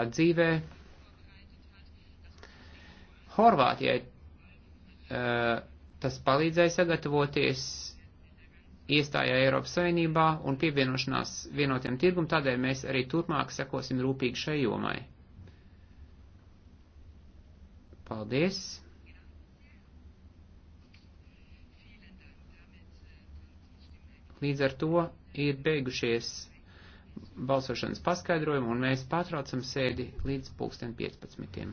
dzīvē Horvātijai tas palīdzēja sagatavoties iestājā Eiropas Savienībā un pievienošanās vienotiem tirgum, tādēļ mēs arī turpmāk sekosim rūpīgi šai jomai. Paldies! Līdz ar to ir beigušies balsošanas paskaidrojumu, un mēs pārtraucam sēdi līdz pulksten 15.